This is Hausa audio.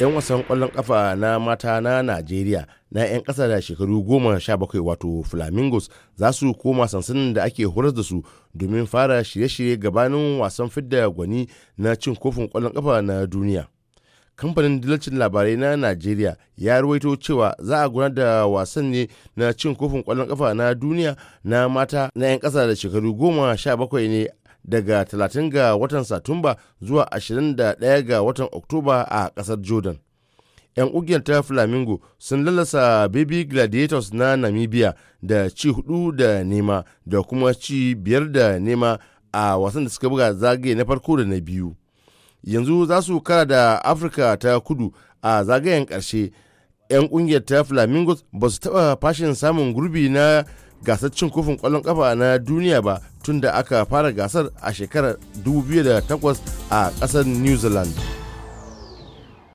'yan wasan kwallon kafa na mata na najeriya na 'yan kasa da shekaru goma sha bakwai wato flamingos za su koma sansanin da ake horar da su domin fara shirye-shirye gabanin wasan fidda gwani na cin kofin kwallon kafa na duniya kamfanin dilacin labarai na najeriya ya ruwaito cewa za a gudanar da wasan ne na cin kofin kwallon kafa na duniya na mata na 'yan kasa da shekaru goma sha bakwai ne daga 30 ga watan Satumba zuwa 21 ga watan Oktoba a ƙasar Jordan. 'Yan ƙungiyar ta Flamingo sun lalasa Baby Gladiators na Namibia da ci hudu da nema da kuma ci biyar da nema a wasan da suka buga zagaye na farko da na biyu. Yanzu za su kara da Afirka ta kudu a zagayen ƙarshe 'yan kungiyar ta flamingos ba su taba fashin samun gurbi na gasar cin kofin ƙwallon ƙafa na duniya ba tun da aka fara gasar a shekarar 2008 a ƙasar new zealand